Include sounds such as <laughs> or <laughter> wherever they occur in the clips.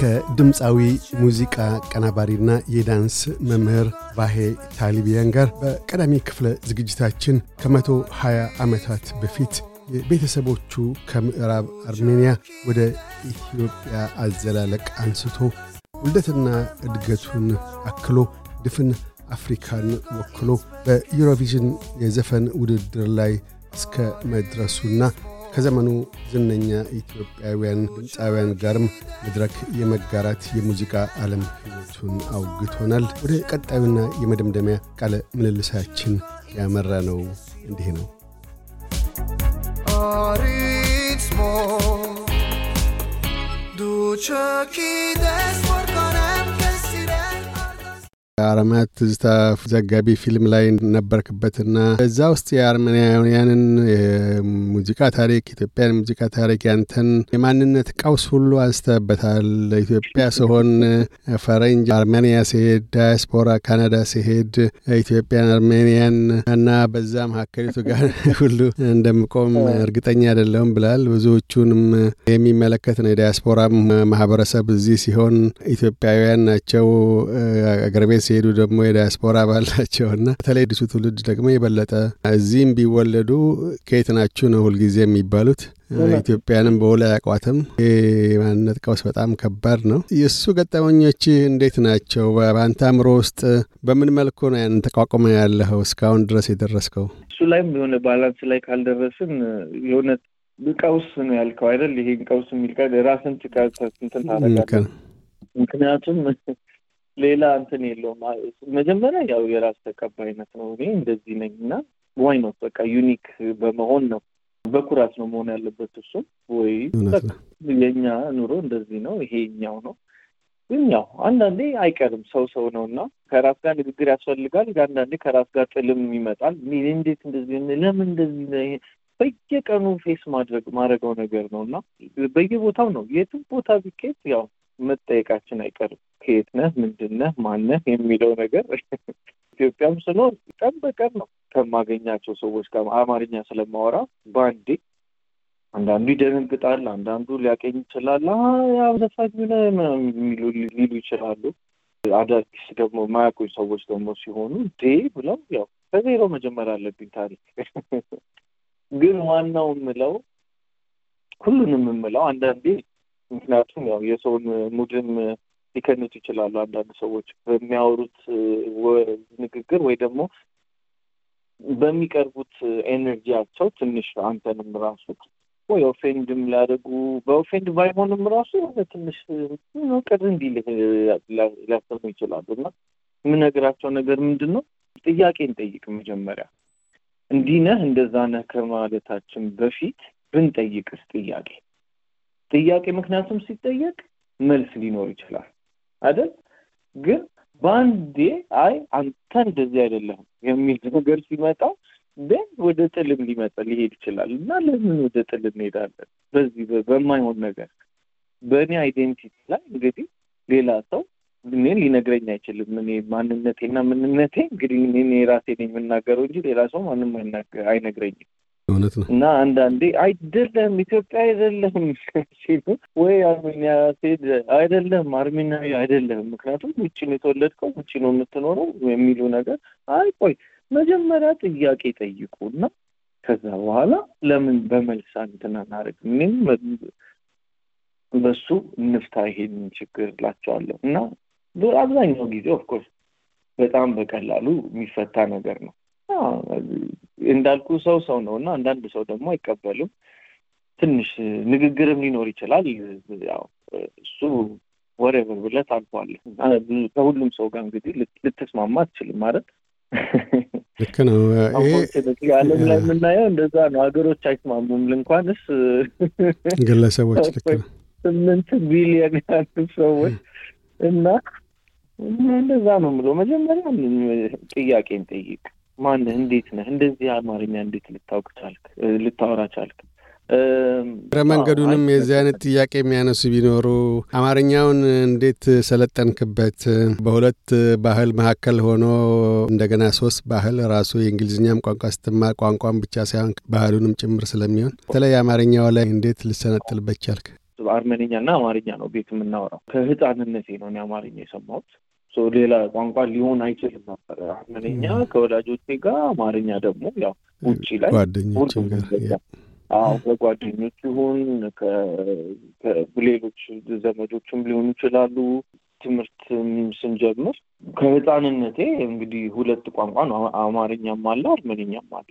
ከድምፃዊ ሙዚቃ ቀናባሪና የዳንስ መምህር ባሄ ታሊቢያን ጋር በቀዳሚ ክፍለ ዝግጅታችን ከመቶ 20 ዓመታት በፊት ቤተሰቦቹ ከምዕራብ አርሜንያ ወደ ኢትዮጵያ አዘላለቅ አንስቶ ውልደትና እድገቱን አክሎ ድፍን አፍሪካን ወክሎ በዩሮቪዥን የዘፈን ውድድር ላይ እስከ መድረሱና ከዘመኑ ዝነኛ ኢትዮጵያውያን ድምፃውያን ጋርም መድረክ የመጋራት የሙዚቃ ዓለም ሕይወቱን አውግቶናል። ወደ ቀጣዩና የመደምደሚያ ቃለ ምልልሳችን ያመራ ነው። እንዲህ ነው። Duce ዱቸኪ ደስ አረማት ትዝታ ዘጋቢ ፊልም ላይ ነበርክበትና እዛ ውስጥ የአርሜናውያንን የሙዚቃ ታሪክ፣ ኢትዮጵያን ሙዚቃ ታሪክ፣ ያንተን የማንነት ቀውስ ሁሉ አንስተበታል። ኢትዮጵያ ስሆን ፈረንጅ አርሜኒያ ሲሄድ፣ ዳያስፖራ ካናዳ ሲሄድ ኢትዮጵያን አርሜኒያን እና በዛ መካከሪቱ ጋር <laughs> ሁሉ እንደምቆም እርግጠኛ አይደለሁም ብላል። ብዙዎቹንም የሚመለከት ነው። የዳያስፖራም ማህበረሰብ እዚህ ሲሆን ኢትዮጵያውያን ናቸው አገር ቤት የሄዱ ደግሞ የዳያስፖራ አባል ናቸው ናቸውና በተለይ አዲሱ ትውልድ ደግሞ የበለጠ እዚህም ቢወለዱ ከየት ናችሁ ነው ሁልጊዜ የሚባሉት። ኢትዮጵያንም በውላ ያቋትም የማንነት ቀውስ በጣም ከባድ ነው። የእሱ ገጠመኞች እንዴት ናቸው? በአንተ አእምሮ ውስጥ በምን መልኩ ነው ያን ተቋቁመ ያለኸው እስካሁን ድረስ የደረስከው? እሱ ላይም የሆነ ባላንስ ላይ ካልደረስን የሆነ ቀውስ ነው ያልከው አይደል? ይሄን ቀውስ የሚል ቃል ራስን ስንትን ታደርጋለህ። ምክንያቱም ሌላ እንትን የለውም። መጀመሪያ ያው የራስ ተቀባይነት ነው። እኔ እንደዚህ ነኝ እና ዋይ ነው በቃ ዩኒክ በመሆን ነው በኩራት ነው መሆን ያለበት። እሱም ወይ የእኛ ኑሮ እንደዚህ ነው፣ ይሄ እኛው ነው። ግን ያው አንዳንዴ አይቀርም ሰው ሰው ነው እና ከራስ ጋር ንግግር ያስፈልጋል። አንዳንዴ ከራስ ጋር ጥልም ይመጣል። እንዴት እንደዚህ ለምን እንደዚህ በየቀኑ ፌስ ማድረግ ማድረገው ነገር ነው እና በየቦታው ነው የትም ቦታ ቢኬት ያው መጠየቃችን አይቀርም። ከየት ነህ፣ ምንድነህ ማነህ የሚለው ነገር <laughs> ኢትዮጵያም ስኖር ቀን በቀን ነው ከማገኛቸው ሰዎች ጋር አማርኛ ስለማወራ በአንዴ አንዳንዱ ይደነግጣል፣ አንዳንዱ ሊያቀኝ ይችላል። አዘፋኝ የሚሉ ሊሉ ይችላሉ። አዳዲስ ደግሞ የማያውቁኝ ሰዎች ደግሞ ሲሆኑ ዴ ብለው ያው ከዜሮ መጀመር አለብኝ ታሪክ <laughs> ግን ዋናው ምለው ሁሉንም የምለው አንዳንዴ ምክንያቱም ያው የሰውን ሙድም ሊከንቱ ይችላሉ። አንዳንድ ሰዎች በሚያወሩት ንግግር ወይ ደግሞ በሚቀርቡት ኤነርጂያቸው ትንሽ አንተንም ራሱ ወይ ኦፌንድም ሊያደርጉ በኦፌንድ ባይሆንም ራሱ ትንሽ ቅር እንዲልህ ሊያሰሙ ይችላሉ እና የምነግራቸው ነገር ምንድን ነው? ጥያቄ ጠይቅ መጀመሪያ እንዲህ ነህ እንደዛ ነህ ከማለታችን በፊት ብንጠይቅስ ጥያቄ ጥያቄ ምክንያቱም ሲጠየቅ መልስ ሊኖር ይችላል። አይደል? ግን በአንዴ አይ አንተ እንደዚህ አይደለም የሚል ነገር ሲመጣ ግን ወደ ጥልም ሊመጣ ሊሄድ ይችላል። እና ለምን ወደ ጥል እንሄዳለን? በዚህ በማይሆን ነገር በእኔ አይዴንቲቲ ላይ እንግዲህ ሌላ ሰው እኔ ሊነግረኝ አይችልም። እኔ ማንነቴና ምንነቴ እንግዲህ እኔ ራሴ የምናገረው እንጂ ሌላ ሰው ማንም አይነግረኝም። እውነት ነው እና አንዳንዴ አይደለም ኢትዮጵያ አይደለም <laughs> ሲሉ ወይ አርሜኒያ ሴድ አይደለም አርሜኒያዊ አይደለም፣ ምክንያቱም ውጭ ነው የተወለድከው ውጭ ነው የምትኖረው የሚሉ ነገር አይ ቆይ መጀመሪያ ጥያቄ ጠይቁ እና ከዛ በኋላ ለምን በመልስ እንትን አናደርግም? እኔም በሱ እንፍታ ይሄን ችግር እላቸዋለሁ እና አብዛኛው ጊዜ ኦፍኮርስ በጣም በቀላሉ የሚፈታ ነገር ነው እንዳልኩ ሰው ሰው ነው እና አንዳንድ ሰው ደግሞ አይቀበልም። ትንሽ ንግግርም ሊኖር ይችላል። ያው እሱ ወሬቨር ብለ ታልፈዋለህ። ከሁሉም ሰው ጋር እንግዲህ ልትስማማ አትችልም ማለት ልክ ነው። አለም ላይ የምናየው እንደዛ ነው። ሀገሮች አይስማሙም። ልንኳንስ ግለሰቦች ልክ ነው። ስምንት ቢሊዮን ያሉ ሰዎች እና እንደዛ ነው የምለው። መጀመሪያ ጥያቄን ጠይቅ ማን እንዴት ነህ? እንደዚህ አማርኛ እንዴት ልታውቅ ቻልክ? ልታወራ ቻልክ? ረ መንገዱንም የዚህ አይነት ጥያቄ የሚያነሱ ቢኖሩ አማርኛውን እንዴት ሰለጠንክበት? በሁለት ባህል መካከል ሆኖ እንደገና ሶስት ባህል ራሱ የእንግሊዝኛም ቋንቋ ስትማር ቋንቋም ብቻ ሳይሆን ባህሉንም ጭምር ስለሚሆን በተለይ አማርኛው ላይ እንዴት ልሰነጥልበት ቻልክ? ና አማርኛ ነው ቤት የምናወራው። ከህፃንነቴ ነው አማርኛ የሰማሁት። ሌላ ቋንቋ ሊሆን አይችልም ነበር። አርመንኛ ከወላጆቼ ጋር፣ አማርኛ ደግሞ ያው ውጭ ላይ ከጓደኞች ይሁን ሌሎች ዘመዶችም ሊሆኑ ይችላሉ። ትምህርት ስንጀምር ከህፃንነቴ እንግዲህ ሁለት ቋንቋ ነው፣ አማርኛም አለ አርመንኛም አለ።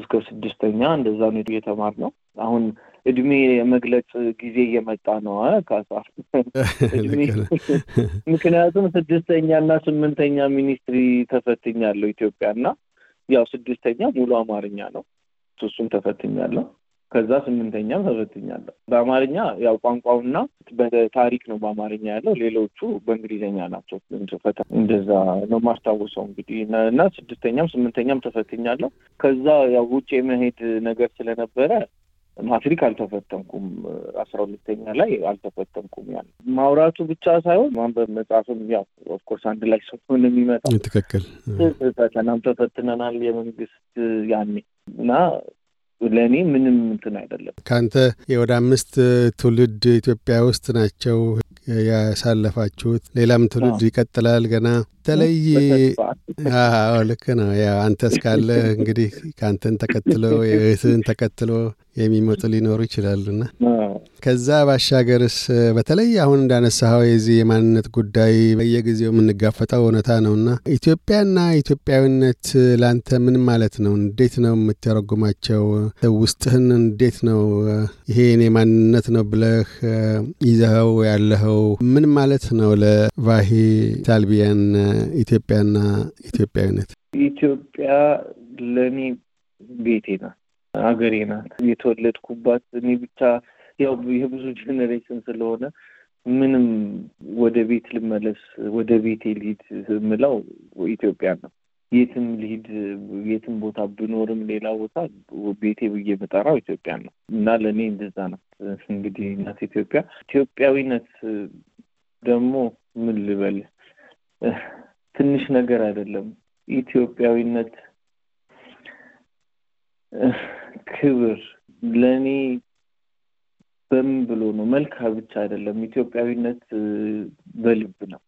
እስከ ስድስተኛ እንደዛ ነው የተማርነው አሁን እድሜ የመግለጽ ጊዜ እየመጣ ነው። ካሳ <laughs> <laughs> ምክንያቱም ስድስተኛ እና ስምንተኛ ሚኒስትሪ ተፈትኛለሁ ኢትዮጵያ እና ያው ስድስተኛ ሙሉ አማርኛ ነው። እሱም ተፈትኛለሁ። ከዛ ስምንተኛም ተፈትኛለሁ በአማርኛ ያው ቋንቋውና በታሪክ ነው በአማርኛ ያለው። ሌሎቹ በእንግሊዝኛ ናቸው። ፈተና እንደዛ ነው ማስታወሰው እንግዲህ እና ስድስተኛም ስምንተኛም ተፈትኛለሁ። ከዛ ያው ውጭ የመሄድ ነገር ስለነበረ ማትሪክ አልተፈተንኩም፣ አስራ ሁለተኛ ላይ አልተፈተንኩም። ያ ማውራቱ ብቻ ሳይሆን ማንበብ መጽሐፍም ያው ኦፍኮርስ አንድ ላይ ሰሆን የሚመጣው ትክክል ፈተናም ተፈትነናል። የመንግስት ያኔ እና ለእኔ ምንም እንትን አይደለም። ከአንተ የወደ አምስት ትውልድ ኢትዮጵያ ውስጥ ናቸው ያሳለፋችሁት። ሌላም ትውልድ ይቀጥላል ገና በተለይ ልክ ነው። ያው አንተ እስካለህ እንግዲህ ከአንተን ተከትሎ የእህትህን ተከትሎ የሚመጡ ሊኖሩ ይችላሉና ከዛ ባሻገርስ በተለይ አሁን እንዳነሳኸው የዚህ የማንነት ጉዳይ በየጊዜው የምንጋፈጠው እውነታ ነውና ኢትዮጵያና ኢትዮጵያዊነት ላንተ ምን ማለት ነው? እንዴት ነው የምተረጉማቸው? ውስጥህን እንዴት ነው ይሄ የማንነት ማንነት ነው ብለህ ይዘኸው ያለኸው ምን ማለት ነው? ለቫሄ ታልቢያን ኢትዮጵያና ኢትዮጵያዊነት ኢትዮጵያ ለእኔ ቤቴ ናት። አገሬ ናት የተወለድኩባት። እኔ ብቻ ያው የብዙ ጀኔሬሽን ስለሆነ ምንም ወደ ቤት ልመለስ ወደ ቤቴ ልሂድ ምለው ኢትዮጵያ ነው። የትም ልሂድ የትም ቦታ ብኖርም ሌላ ቦታ ቤቴ ብዬ የምጠራው ኢትዮጵያ ነው እና ለእኔ እንደዛ ናት። እንግዲህ እናት ኢትዮጵያ ኢትዮጵያዊነት ደግሞ ምን ልበል ትንሽ ነገር አይደለም ኢትዮጵያዊነት ክብር ለእኔ በምን ብሎ ነው መልካ ብቻ አይደለም። ኢትዮጵያዊነት በልብ ነው።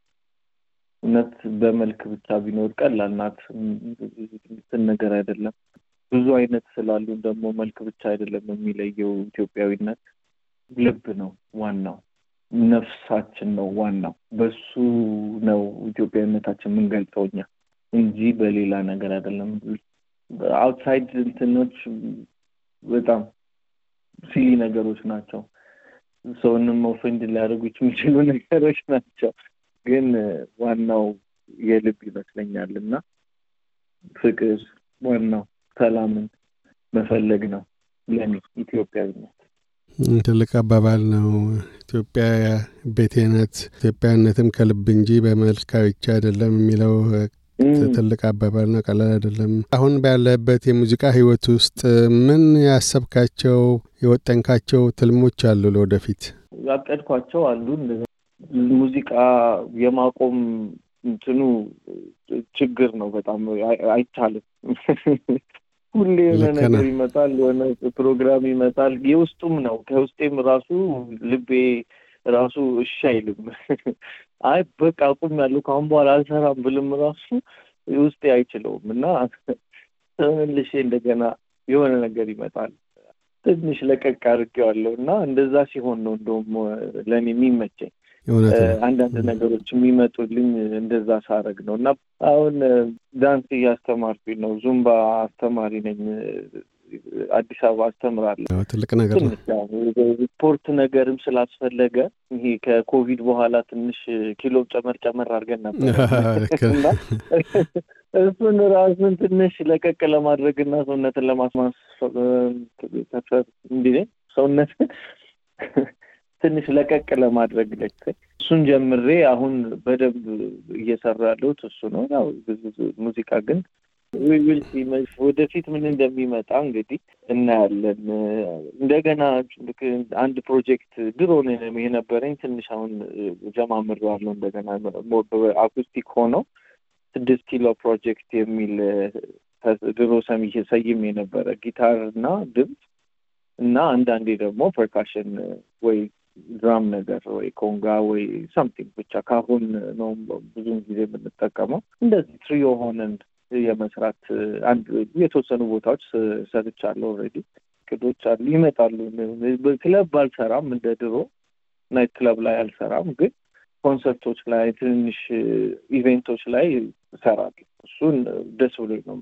እውነት በመልክ ብቻ ቢኖር ቀላል ናት እንትን ነገር አይደለም። ብዙ አይነት ስላሉ ደግሞ መልክ ብቻ አይደለም የሚለየው ኢትዮጵያዊነት ልብ ነው ዋናው፣ ነፍሳችን ነው ዋናው። በሱ ነው ኢትዮጵያዊነታችን የምንገልጸው እንጂ በሌላ ነገር አይደለም። አውትሳይድ እንትኖች በጣም ሲሊ ነገሮች ናቸው። ሰውንም ኦፌንድ ሊያደርጉ የሚችሉ ነገሮች ናቸው። ግን ዋናው የልብ ይመስለኛል እና ፍቅር ዋናው ሰላምን መፈለግ ነው ለኔ ኢትዮጵያዊነት። ትልቅ አባባል ነው። ኢትዮጵያ ቤቴነት ኢትዮጵያነትም ኢትዮጵያዊነትም ከልብ እንጂ በመልክ ብቻ አይደለም የሚለው ትልቅ አባባልና ቀላል አይደለም። አሁን ባለበት የሙዚቃ ህይወት ውስጥ ምን ያሰብካቸው የወጠንካቸው ትልሞች አሉ? ለወደፊት ያቀድኳቸው አሉ። ሙዚቃ የማቆም እንትኑ ችግር ነው። በጣም አይቻልም። <laughs> ሁሌ የሆነ ነገር ይመጣል፣ የሆነ ፕሮግራም ይመጣል። የውስጡም ነው ከውስጤም ራሱ ልቤ ራሱ እሺ አይልም <laughs> አይ በቃ ያሉ ከአሁን በኋላ አልሰራም ብልም ራሱ ውስጤ አይችለውም እና ተመልሼ እንደገና የሆነ ነገር ይመጣል። ትንሽ ለቀቅ አድርጌዋለሁ እና እንደዛ ሲሆን ነው እንደውም ለእኔ የሚመቸኝ አንዳንድ ነገሮች የሚመጡልኝ እንደዛ ሳረግ ነው እና አሁን ዳንስ እያስተማርኩኝ ነው። ዙምባ አስተማሪ ነኝ አዲስ አበባ አስተምራለሁ። ትልቅ ነገር ነገርም ስላስፈለገ ይሄ ከኮቪድ በኋላ ትንሽ ኪሎ ጨመር ጨመር አድርገን ነበር <laughs> እሱን ራሱን ትንሽ ለቀቅ ለማድረግና ሰውነትን ለማስማሰፈር ሰውነት ትንሽ ለቀቅ ለማድረግ ለ እሱን ጀምሬ አሁን በደንብ እየሰራ ያለሁት እሱ ነው። ያው ሙዚቃ ግን ወደፊት ምን እንደሚመጣ እንግዲህ እናያለን። እንደገና አንድ ፕሮጀክት ድሮ የነበረኝ ትንሽ አሁን ጀማምሬዋለሁ። እንደገና አኩስቲክ ሆነው ስድስት ኪሎ ፕሮጀክት የሚል ድሮ ሰይም የነበረ ጊታር እና ድምፅ እና አንዳንዴ ደግሞ ፐርካሽን ወይ ድራም ነገር ወይ ኮንጋ ወይ ሳምቲንግ ብቻ ካሁን ነው ብዙውን ጊዜ የምንጠቀመው እንደዚህ ትሪዮ ሆነን የመስራት አንድ የተወሰኑ ቦታዎች ሰጥቻለሁ። ኦልሬዲ ቅዶች አሉ ይመጣሉ። ክለብ ባልሰራም እንደ ድሮ ናይት ክለብ ላይ አልሰራም፣ ግን ኮንሰርቶች ላይ ትንንሽ ኢቬንቶች ላይ እሰራለሁ። እሱን ደስ ብሎኝ ነው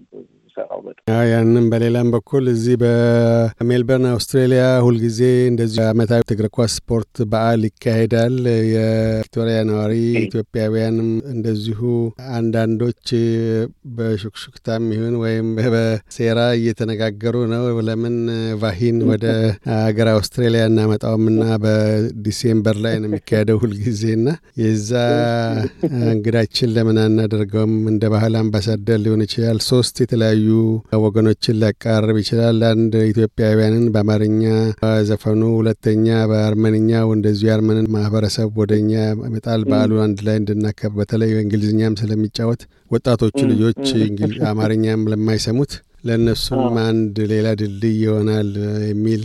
የምሰራው። በጣም ያንን በሌላም በኩል እዚህ በሜልበርን አውስትራሊያ ሁልጊዜ እንደዚህ ዓመታዊ እግር ኳስ ስፖርት በዓል ይካሄዳል። የቪክቶሪያ ነዋሪ ኢትዮጵያውያንም እንደዚሁ አንዳንዶች በሹክሹክታም ይሁን ወይም በሴራ እየተነጋገሩ ነው ለምን ቫሂን ወደ ሀገር አውስትራሊያ ና በዲሴምበር ላይ ነው የሚካሄደው ሁልጊዜ ና የዛ እንግዳችን ለምን አናደርገውም እንደ ባህል አምባሳደር ሊሆን ይችላል። ሶስት የተለያዩ ወገኖችን ሊያቀራርብ ይችላል። አንድ ኢትዮጵያውያንን በአማርኛ ዘፈኑ፣ ሁለተኛ በአርመንኛው እንደዚሁ የአርመንን ማህበረሰብ ወደኛ መጣል በዓሉ አንድ ላይ እንድናከብ በተለይ እንግሊዝኛም ስለሚጫወት ወጣቶቹ ልጆች አማርኛም ለማይሰሙት ለእነሱም አንድ ሌላ ድልድይ ይሆናል የሚል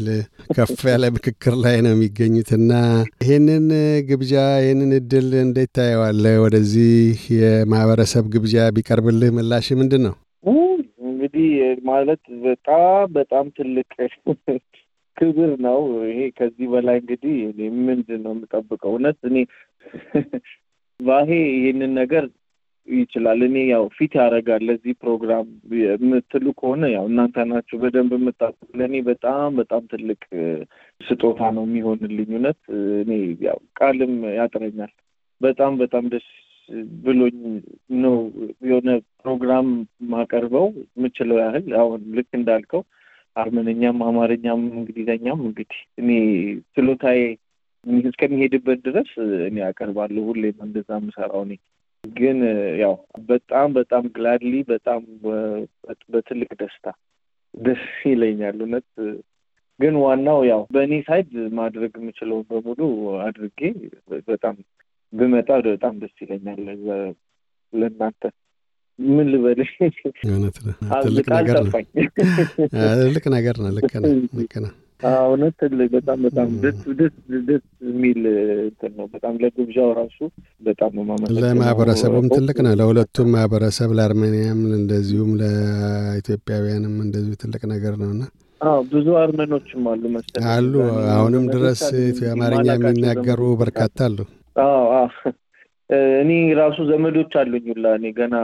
ከፍ ያለ ምክክር ላይ ነው የሚገኙትና ይህንን ግብዣ ይህንን እድል እንዴት ታየዋለህ? ወደዚህ የማህበረሰብ ግብዣ ቢቀርብልህ ምላሽ ምንድን ነው? እንግዲህ ማለት በጣም በጣም ትልቅ <laughs> ክብር ነው ይሄ። ከዚህ በላይ እንግዲህ ምንድን ነው የምጠብቀው? እውነት እኔ <laughs> ባሄ ይህንን ነገር ይችላል። እኔ ያው ፊት ያደርጋል ለዚህ ፕሮግራም የምትሉ ከሆነ ያው እናንተ ናችሁ በደንብ የምታቁ ለእኔ በጣም በጣም ትልቅ ስጦታ ነው የሚሆንልኝ። እውነት እኔ ያው ቃልም ያጥረኛል። በጣም በጣም ደስ ብሎኝ ነው የሆነ ፕሮግራም ማቀርበው የምችለው ያህል አሁን ልክ እንዳልከው አርመነኛም አማርኛም እንግሊዘኛም እንግዲህ እኔ ችሎታዬ እስከሚሄድበት ድረስ እኔ አቀርባለሁ። ሁሌም እንደዛ የምሰራው እኔ ግን ያው በጣም በጣም ግላድሊ በጣም በትልቅ ደስታ ደስ ይለኛል እውነት። ግን ዋናው ያው በእኔ ሳይድ ማድረግ የምችለውን በሙሉ አድርጌ በጣም ብመጣ በጣም ደስ ይለኛል። ለእናንተ ምን ልበልሽ፣ ትልቅ ነገር ነው፣ ትልቅ ነገር ልክ ነህ፣ ልክ ነህ። እውነት ትልቅ በጣም በጣም ደስ ደስ ደስ የሚል እንትን ነው። በጣም ለግብዣው ራሱ በጣም ማመሰግነው። ለማህበረሰቡም ትልቅ ነው፣ ለሁለቱም ማህበረሰብ ለአርሜኒያም፣ እንደዚሁም ለኢትዮጵያውያንም እንደዚሁ ትልቅ ነገር ነው እና ብዙ አርመኖችም አሉ መሰለኝ አሉ አሁንም ድረስ አማርኛ የሚናገሩ በርካታ አሉ። እኔ ራሱ ዘመዶች አሉኝ ሁላ እኔ ገና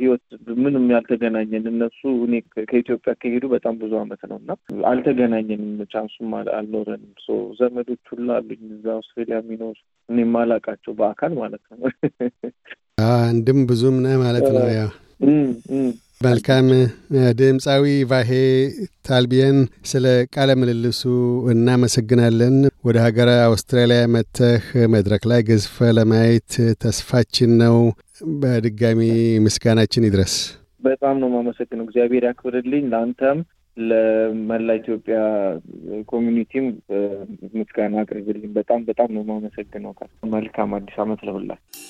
ህይወት ምንም ያልተገናኘን እነሱ እኔ ከኢትዮጵያ ከሄዱ በጣም ብዙ አመት ነው እና አልተገናኘንም፣ ቻንሱም አልኖረንም። ሶ ዘመዶች ሁላ አሉኝ እዛ አውስትሬሊያ የሚኖር እኔ ማላቃቸው በአካል ማለት ነው። አንድም ብዙም ነ ማለት ነው ያው መልካም ድምፃዊ ቫሄ ታልቢየን ስለ ቃለ ምልልሱ እናመሰግናለን። ወደ ሀገር አውስትራሊያ መጥተህ መድረክ ላይ ገዝፈ ለማየት ተስፋችን ነው። በድጋሚ ምስጋናችን ይድረስ። በጣም ነው የማመሰግነው። እግዚአብሔር ያክብርልኝ። ለአንተም ለመላ ኢትዮጵያ ኮሚኒቲም ምስጋና አቅርብልኝ። በጣም በጣም ነው የማመሰግነው። መልካም አዲስ ዓመት ለሁላችሁ።